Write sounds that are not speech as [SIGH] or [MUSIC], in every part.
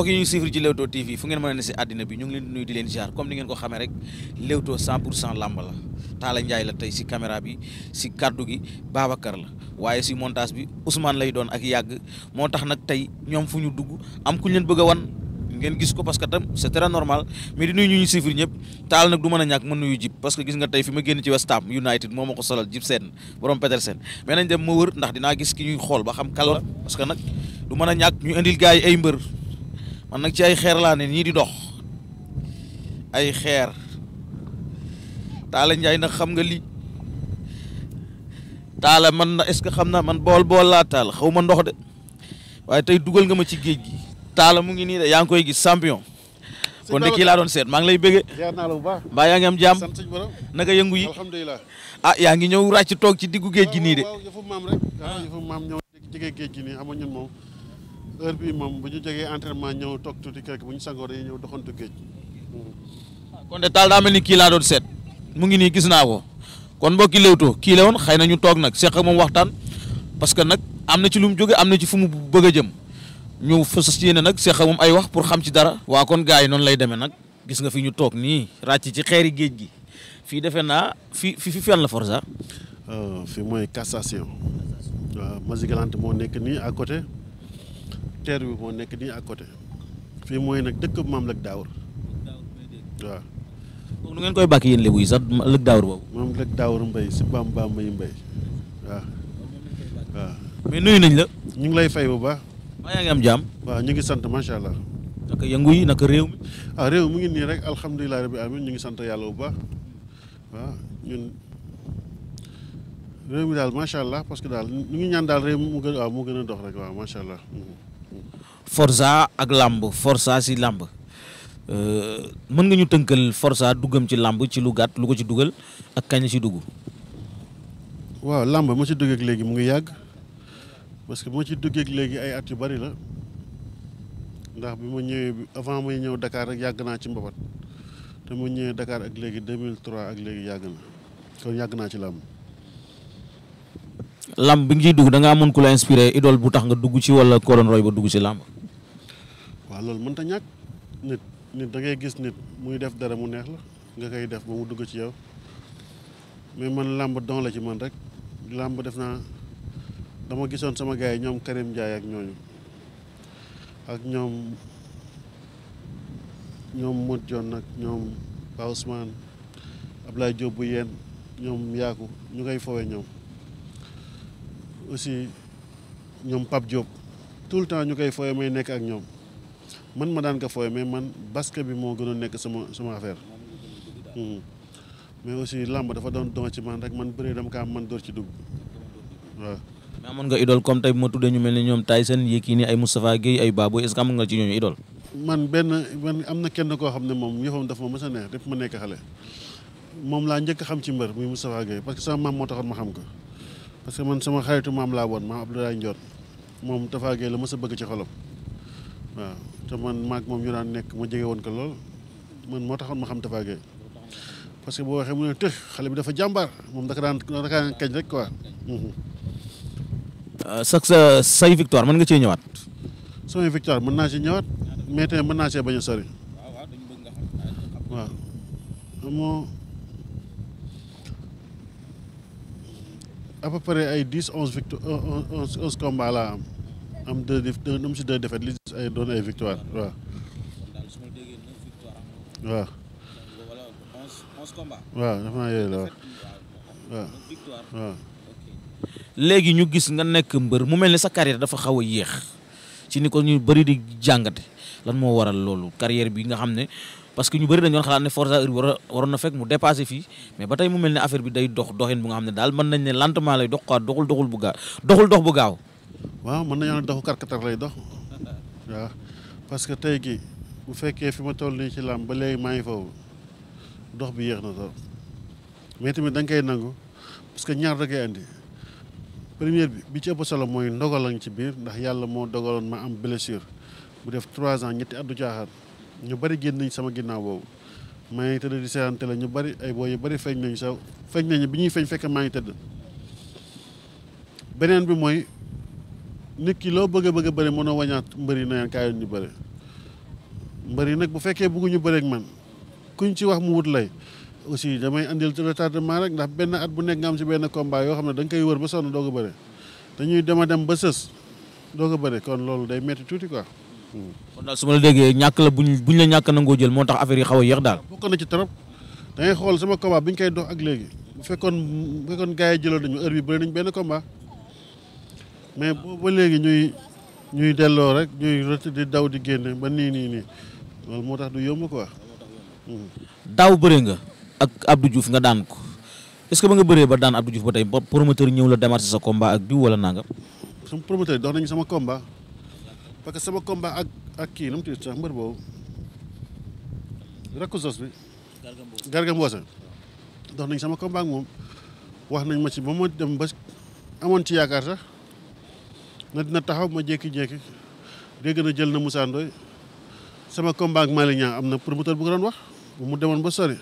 mbokk yi ñuy suivre ci Leewtoo TV fu ngeen mën a ne si àddina bi ñu ngi leen di leen ziar comme ni ngeen ko xamee rek Leewtoo 100 pour cent làmb la Talla Ndiaye la tey si caméra bi si kaddu gi Babacar la waaye si montage bi Ousmane lay doon ak yàgg moo tax nag tey ñoom fu ñu dugg am ku ñu leen bëgg wan ngeen gis ko parce que tam c'est très normal mais di nuyu ñu ñu suivre ñëpp taal nag du mën a ñàkk mën parce que gis nga tey fi ma génn ci West Ham United moo ma ko solal jib seen borom Petersen mais nañ dem ma wër ndax dinaa gis ki ñuy xool ba xam kala parce que nag du mën a ñàkk ñu indil gars ay mbër man nag ci ay xeer laa ne nii di dox ay xeer Talla Ndiaye nag xam nga lii Talla man na est-ce que xam naa man bool bool laa Talla xaw ma ndox de waaye tey dugal nga ma ci géej gi Talla mu ngi nii de yaa ngi koy gi champion kon de kii laa doon seet maa ngi lay bëggee mbaa yaa ngi am jàmm naka yëngu yi ah yaa ngi ñëw ràcc toog ci diggu géej gi nii de heure bi moom bu ñu jegee entraînement ñëw toog tuuti kër bu ñu sangoo dañuy ñëw doxantu géej. kon de taal daa mel ni kii laa doon seet mu ngi nii gis naa ko kon mbokki Leewtoo kii la woon xëy na ñu toog nag seq moom waxtaan parce que nag am na ci lu mu jóge am na ci fu mu bëgg a jëm ñu fas yéene nag seq ak moom ay wax pour xam ci dara. waa kon gars yi noonu lay demee nag gis nga fi ñu toog nii ràcc ci xeeri géej gi fii defe naa fi fi fi fenn la Forza. Euh, fi mooy cassation. waaw Mazigalante moo nekk nii à côté. terre bi moo nekk nii ak côté fii mooy nag dëkk maam lëg daawur waaw. moom ngeen koy bàkk yéen lébu yi sax lëg daawur boobu. maam lëg daawur mbay si baam baam mbay mbay waaw waaw. mais nuyu nañ la. ñu ngi lay fay bu baax. waaw yaa ngi am jàmm. waaw ñu ngi sant macha allah. naka yëngu yi naka réew mi. ah réew mi ngi rek alhamdulilah rabbi amin ñu ngi sant yàlla bu baax waaw daal macha allah parce que daal ñu ngi ñaan daal réew mi mu gën waaw mu gën a dox rek waaw macha allah. Mhm. Forza ak làmb forsa si làmb euh, mën nga ñu tënkal Forza duggam ci làmb ci lu gàtt lu ko ci dugal ak kañ ci dugg. waaw làmb ma ci duggee léegi mu ngi yàgg parce que ma ci duggee léegi ay at yu bari la ndax bi ma ñëwee avant may ñëw dakaar rek yàgg naa ci mbabat te ma ñëwee Dakar ak léegi 2003 ak léegi yàgg na kon yàgg naa ci làmb. làmb bi nga ciy dugg da nga amoon ku la inspiré idole bu tax nga dugg ci wala ko doon roy ba dugg ci làmb. loolu mënta ñàkk nit nit da ngay gis nit muy def dara mu neex la nga koy def ba mu dugg ci yow mais man làmb don la ci man rek làmb def naa dama gisoon sama gars yi ñoom Karim jaay ak ñooñu ak ñoom ñoom Modou Dione ak ñoom Pa ab Ablaye Diop bu yeen ñoom yaaku ñu koy foowe ñoom aussi ñoom Pape Diop tout le temps ñu koy fowee may nekk ak ñoom man ma daan ko fooy mais man basket bi moo gënoon nekk sama suma affaire hmm. mais aussi làmb dafa doon doon ci man rek man bëri dama am man door ci dugg waaw. nga idole comme tey bu ñu mel ni ñoom Tyson Yékini ay Moustapha Guèye ay Baboye est-ce que nga ci ñooñu idole. man benn man am na kenn koo xam ne moom yëfam dafa ma mës a neex def ma nekk xale moom laa njëkk xam ci mbër muy Moustapha Guèye parce que sama maam moo taxoon ma xam ko parce que man sama xaritu maam laa woon maam Abdoulaye Ndione moom Moustapha Guèye la ma a bëgg ci xolam. waaw te man maag moom ñu daan nekk ma jege woon ko lool man moo taxoon ma xam dafa Gueye parce que boo waxee mu ne të xale bi dafa jàmbaar moom daka daan daka daan kañ rek quoi. Euh, sa sa say victoire mën nga cee ñëwaat. mën naa ci ñëwaat mais man mën naa cee bañ a sori waaw amoo à peu ay dix onze victoire onze onze combats laa am. am deux def deux am li ay doon ay victoire waaw. waaw. léegi ñu gis nga nekk mbër mu mel ni sa carrière dafa xaw a yéex ci ni ko ñu bari di jàngate lan moo waral loolu carrière bi nga xam ne parce que ñu bari dañu doon xalaat ne Forza heure war waroon na fekk mu dépasé fii mais ba tey mu mel ne affaire bi day dox doxin bu nga xam ne daal mën nañ ne lentement lay dox quoi doxul doxul bu gaaw doxul dox bu gaaw. waaw mën nañoo ne doxu karkatar lay dox [LAUGHS] waaw parce que tey gi bu fekkee fi ma toll nii ci làmb ba léegi maa ngi foofu dox bi yéex na trop mais tamit da nga koy nangu parce que ñaar da koy première bi bi ci ëpp solo mooy ndogalan ci biir ndax yàlla moo dogaloon ma am blessure bu def trois ans ñetti at du ñu bari génn sama ginnaaw boobu maa ngi tëdd di seerante la ñu bari ay booy yu bari feeñ nañ sa feeñ nañu bi ñuy feeñ fekk maa ngi tëdd beneen bi nit ki loo bëgg a bëgg a bëri mënoo wañaat mbëri na leen kaayoon ñu bëri mbëri nag bu fekkee bëgguñu bëri ak man kuñ ci wax mu wut lay aussi damay andil retardement rek ndax benn at bu nekk nga benn combat yoo xam ne da koy wër ba sonn doo ko bëri dem a ba sës doo ko kon loolu day metti tuuti quoi. kon daal su ma la déggee ñàkk la buñ buñ la ñàkk nangoo jël moo tax affaire yi xaw a yéex daal. bokk na ci trop da ngay xool sama combat bi ñu koy dox ak léegi bu fekkoon bu fekkoon gars yi jëloon nañu heure bi bëri nañ benn combat. mais boobu ba léegi ñuy ñuy delloo rek ñuy rëtt di daw di génne ba nii nii nii loolu moo tax du yomb quoi. Hmm. daaw bëre nga ak Abdou juuf nga daan ko est que ba nga bëree ba daan Abdou Diouf ba tey ba promoteur ñëw la démarché sa combat ak diw wala nangam. sama nañu sama combat parce que sama combat ak ak kii nu mu sax mbër boobu rakku sos bi. Garga Mbossé dox nañ sama combat moom wax nañ ma ci ba ma dem ba amoon ci yaakaar sax. na dina taxaw ma jékki-jékki dégg na jël na Moussa Ndoye sama combat ak Malick Niang am na promoteur bu ko doon wax mu demoon ba sori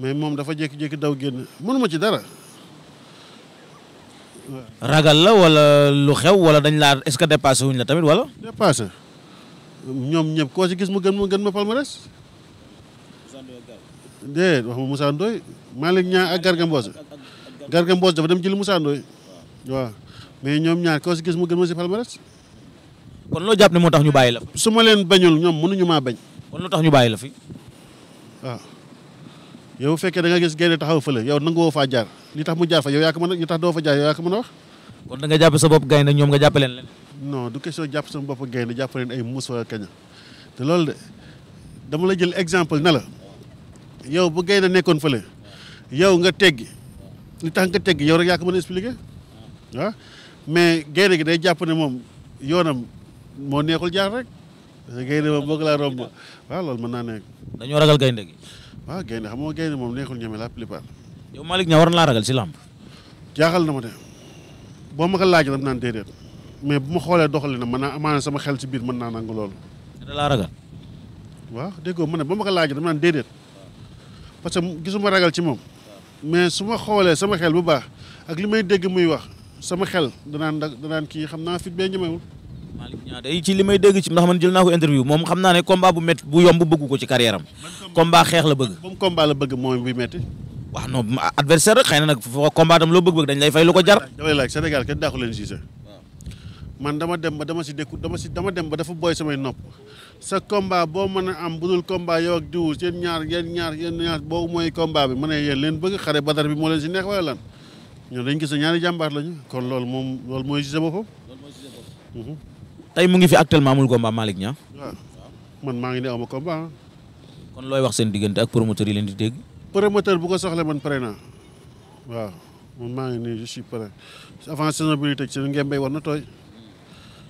mais moom dafa jékki-jékki daw génn mënuma ci dara. ragal la wala lu xew wala dañ laa est-ce que dépassé wuñ la tamit wala. dépassé ñoom ñëpp koo ci gis mu gën mu gën ma palmarès. déet wax ma Moussa Ndoye Malick Niang ak Garga Mbossé Garga dafa dem jëli Moussa Ndoye mais ñoom ñaar koo si gis mu gën ma si palmarès. kon loo jàpp ne moo tax ñu bàyyi la. su ma leen bañul ñoom mënuñu maa bañ. kon lu tax ñu bàyyi la fi. waaw ah. yow fekkee da nga gis gaynde taxaw fële yow nangu woo faa jaar li tax mu jaar fa yow yaa ko a li tax doo fa jaar yow yaa a wax. kon da jàpp sa bopp gaynde ñoom nga jàppaleen leen. non du question jàpp sama bopp gaynde jàpp leen ay muus wala kaña te loolu de dama la jël exemple na la yow bu gaynde nekkoon fële yow nga teggi li tax nga teggi yow rek yaa ko mën a expliquer waaw ah. mais gaynde gi day jàpp ne moom yoonam moo neexul jaar rek parce que gaynde moom boog laa romb waaw loolu mën naa nekk. dañoo ragal gaynde gi. waaw gaynde xam nga gaynde moom neexul ñeme la plupart. yow Malick Niang war na laa ragal si làmb. jaaxal na ma de boo ma ko laaj dama naan déedéet mais bu ma xoolee doxali na mën naa amaana sama xel si biir mën naa nangu loolu. da laa ragal. waaw déggoo ma ne boo ma ko laaj dama naan déedéet parce que gisuma ragal ci moom mais su ma xoolee sama xel bu baax ak li may dégg muy wax. sama xel danaan danaan kii xam naa fit bee ñemewul. Malick Niang ci li may dégg ci ndax man jël naa ko interview moom xam naa ne combat bu métti yomb bëgg ko ci carrière am. combat xeex la bëgg. moom combat la bëgg mooy bu métti. waaw non adversaire xëy na nag foo am loo bëgg dañ lay fay lu ko jar. damay laaj Sénégal kenn daaxu man dama dem ba dama si dékku dama si dama dem ba dafa booy samay nopp sa combat boo mën a am budul combat yow ak diw yéen ñaar yéen ñaar yéen ñaar boobu mooy combat bi ma ne yen leen bëgg xare badar bi moo leen si neex wala lan ñun dañ gis ne ñaari jàmbaar lañu kon loolu moom loolu mooy gisee boppam. loolu mhm. tey mu ngi fi actuellement amul combat Malick Niang. ñaa man maa ngi ne amu combat. kon looy wax seen diggante ak promoteur yi leen di dégg. promoteur bu ko soxla man pare naa waaw man maa ngi nii je suis prêt avant saison bi ñu tëj bay war na tooy.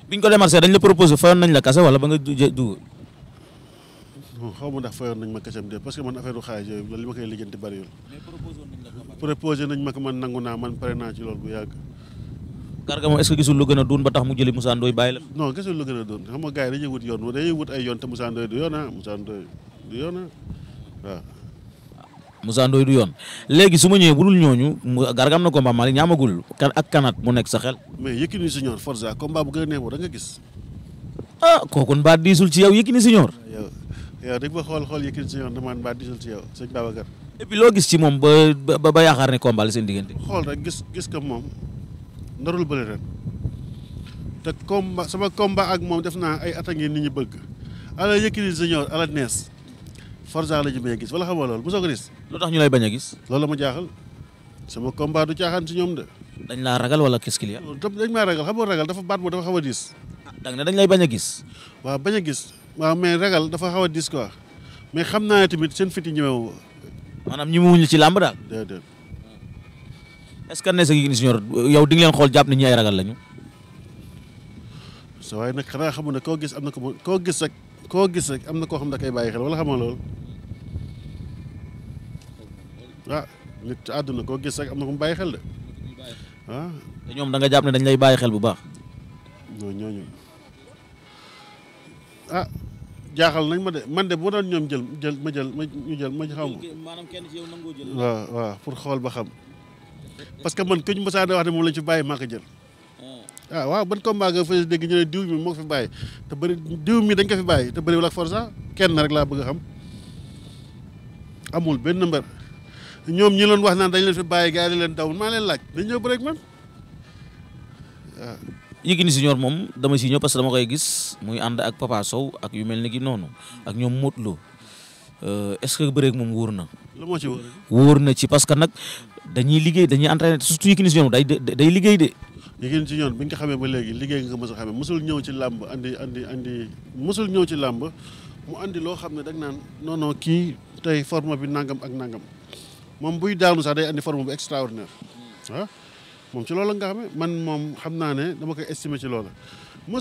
biñ ko démarché dañ la proposé fayoon nañ la kase wala ba nga du. xaw ma ndax fayoon nañ ma këcam de parce que man affaire u xaalis yooyu li ma koy lijjanti bëriwul. proposé nañ ma ko man nangu naa man pare naa ci loolu bu yàgg. Garga est-ce que gisul lu gën a doon ba tax mu jëli Moussa Ndoye bàyyi la. non a doon xam yoon dañuy wut ay yoon te du yoon ah Moussa ah, du yoon léegi su ma ñëwee bu dul ñooñu Garga am na combat Malick ñaamagul kan ak kanaat mu nekk sa xel. mais Yékini Senior Forza combat bu gën a neexoo da nga gis. ah kooku baat diisul ci yow Yékini Senior. yow dañ ko xool xool yëkkati si yoon demande mbaa disul si yow sëñ Babacar. loo gis ci moom ba ba yaakaar ne combat la seen diggante. xool rek gis gis ko moom narul bëri ren te combat sama combat ak moom def naa ay at a ngi bëgg ala yëkkati junior ala nees Forza la ñu bañ gis wala xam nga loolu mosoo ko gis. lu tax ñu lay bañ a gis. loolu ma jaaxal sama combat du caaxaan si ñoom de. dañ laa ragal wala qu'est-ce qu'il y a. dañ maa ragal xam nga ragal dafa baat moom dafa xaw a diis. Ah, da nga ne dañ lay bañ a gis. waa bañ a gis. waaw mais ragal dafa xaw a dis quoi mais xam naa tamit seen fiti ñemewu maanaam ñi muwuñu ci làmb daal déedéet est ne sa Yékini Junior yow di nga leen xool jàpp ne ñi ay ragal lañu sa waaye nag xanaa ne koo gis am na ko koo gis rek koo gis rek am na koo xam ne da koy bàyyi xel wala xamoo loolu ah, nit àdduna koo gis rek am na ko mu bàyyi xel de ah te ñoom da jàpp ne dañ lay bàyyi xel bu baax non jaaxal nañ ma de man de bu doon ñoom jël jël ma jël ma ñu jël ma xaw ma. maanaam kenn pour xool ba xam parce que man kuñ mosaa wax ne moom lañ fi bàyyi maa ko jël. ah, ah waaw ban combat nga fa dégg ñu ne diw mi moo ko fi bàyyi te bëri diw mi dañ ko fi bàyyi te bëriwul ak forsa kenn rek laa bëgg a xam amul benn mbër ñoom ñi loon wax naan dañ leen fi bàyyi gars yi leen daw maa leen laaj dañ ñëw bëreeg man ah. Yékini Junior moom dama si ñëw parce que dama koy gis muy ànd ak Papa Sow ak yu mel ni gi noonu ak ñoom Modou Lo euh, est-ce que bëreek moom wóor na. lu moo ci wóor na ci parce que nag dañuy liggéey dañuy entraîné surtout Yékini Junior day day liggéey de. Yékini Junior bi nga xamee ba léegi liggéey nga ko mos a xamee mosul ñëw ci làmb andi andi andi mosul ñëw ci làmb mu andi loo xam ne dag naan non kii tey forme bi nangam ak nangam moom buy daanu sax day andi forme bu extraordinaire ah. moom ci loolu la nga xamee man moom xam naa ne dama koy estimer ci loolu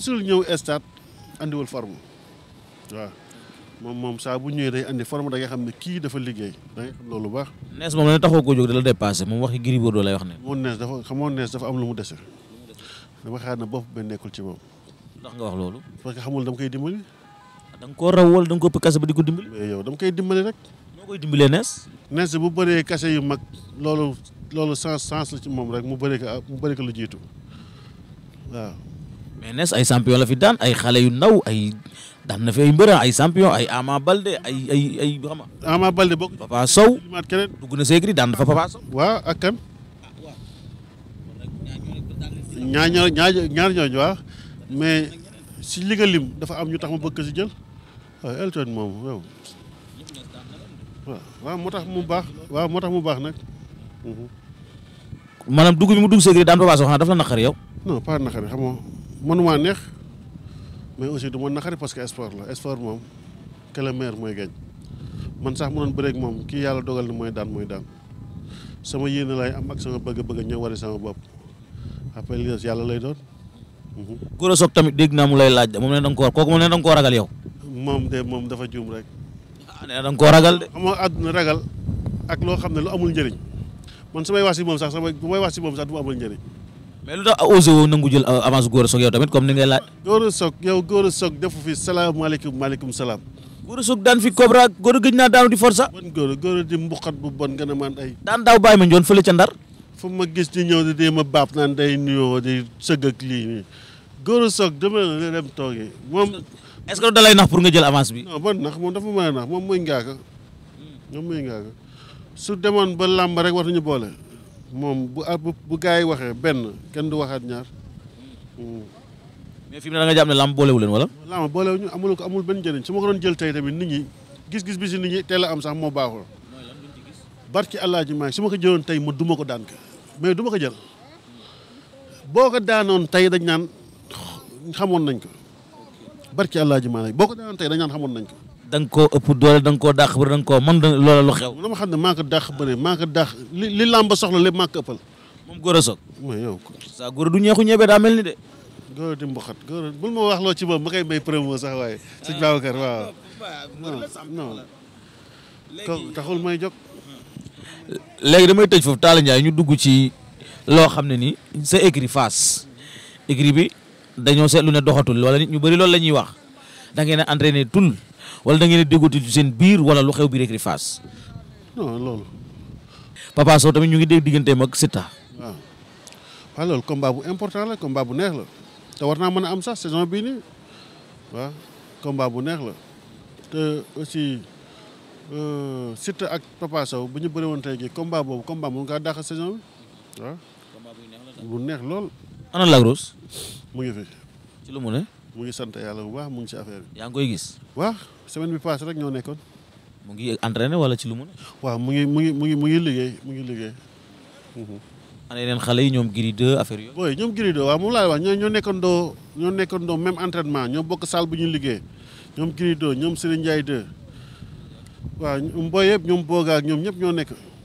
suul ñëw stade andiwul forme waaw moom moom saa bu ñëwee day andi forme da nga xam ne kii dafa liggéey da nga xam loolu baax. nees moom la taxoo ko jóg dala dépassé moom waxi Gris Bordeaux lay wax ne. moom nees dafa xamoon nees dafa am lu mu dese dama xaar na bopp ba nekkul ci moom. ndax nga wax loolu. parce que xamul dama koy dimbali. Ah, da nga koo raw wala da nga koo ëpp kase ba di ko dimbali. yow dama koy dimbali rek. koy dimbalee nees. nees bu bëree cachet yu mag loolu loolu sens sens moom rek mu bëree ko mu bëree ko lu jiitu mais nees ay champion la fi daan ay xale yu ndaw ay daan na fi ay mbëra ay champion ay Ama Balde ay ay ay xam Balde bokk. Sow dugg na seegri daan dafa Papa Sow. waaw ak kan. ñaar ñaar ñaar mais si li nga dafa am ñu tax ma bëgg ko jël waaw Elton moom waaw moo tax mu baax waaw mu baax nag. Mhm. maanaam dugg mi mu dugg séeréer daam Papa Sow xanaa daf la naqari yow. non pas naqari xam nga mais aussi du ma naqari parce que sport la sport moom que le mooy gañ man sax mu doon bëreeg moom kii yàlla dogal ni mooy daan mooy daan sama yéene laay am ak sama bëgg-bëgg ñëw wane sama bopp après li yàlla lay doon. Mhm. Gora Sock tamit naa mu lay laaj moom nee na nga ko kooku moom ragal yow. moom de moom dafa juum rek. Ah, nee na ko nga koo ragal de. xam nga àdduna ragal ak loo xam ne lu amul njëriñ man samay wax si moom sax samay bu may wax si moom sax du ma amul njëriñ. mais lu tax osé woo nangu jël avance Gora Sock yow tamit ni ngay laaj. Gora Sock yow Gora defu fi salaamaaleykum maaleykum salaam. Gora Sock daan fi Cobra Gora gëj naa daanu di forsa. bon Gora Gora di mbuqat bu bon gën a man ay. daan daaw bàyyi ma njoon fële ca ndar. fu ma gis di ñëw di dee ma baab naan day nuyoo di sëgg ak lii nii Gora Sock dama la dem toogee moom. est-ce que dalay lay nax pour nga jël avance bi. non ba nax moom dafa may nax moom mooy ngaaka moom mooy su demoon ba làmb rek wartuñu boole moom bu ah, gaa yi waxee benn kenn du waxaat ñaar. Hmm. mais fi mu ne da nga ne làmb boolewu leen wala. làmb boolewu ñu amul ko amul benn njëriñ su ma ko doon jël tey tamit nit ñi gis-gis bi si nit ñi teel a am sax moo baaxul. barki Alaaji maa su ma ko jëloon tey ma duma ko daan ka mais du ma ko jël boo ko daanoon tey dañ naan nañ ko. barki àllaa ji maanaam boo ko daan tey dañ naan xamoon nañ ko da nga koo ëpp doole da ko koo dàq bëri da nga koo lu xew la ma xam ne maa ko dàq bëri maa ko dàq li li làmb soxla lépp maa ko ëppal moom góor a du ñeexu ñebe daa mel ni de góor di mboxat góor bul ci moom ma koy may promo sax waaye sëñ Babacar waaw ah, non taxul may jóg léegi damay tëj foofu taal Ndiaye ñu dugg ci loo xam ne ni sa écrit face écrit bi dañoo seetlu ne doxatul wala ñu bari loolu la ñuy wax da ngeen a entraîné tul wala da ngeen a déggooti seen biir wala lu xew biir écurie Fass. non loolu. Papa tamit ñu ngi dégg digganteem ak Siteu. waaw waaw loolu combat bu important la combat bu neex la te war naa mën a am sax saison bii nii waaw bu neex la te aussi euh, Siteu ak Papa bu ñu bëri woon tey jii combat boobu combat mun ngaa dàq saison bi waaw. bu neex lool. ana Lac Rose. mu ngi fi. ci lu mu ne. mu ngi sant yàlla bu baax mu ngi si affaire bi. yaa ngi koy gis. waa semaine bi passé rek ñoo nekkoon. mu ngi entraîné wala ci lu mu waaw mu ngi mu ngi liggéey mu ngi liggéey. Mhm. ana yeneen xale yi ñoom Gris 2 affaire yooyu. ñoom Gris 2 waaw moom laa wax ñoo ñoo nekkoon doo ñoo nekkoon doo même ñoo bokk saal bu ñu liggéey ñoom Gris 2 ñoom Serigne Ndiaye 2 waaw mbooy yëpp ñoom Boga ñoom ñëpp ñoo nekk.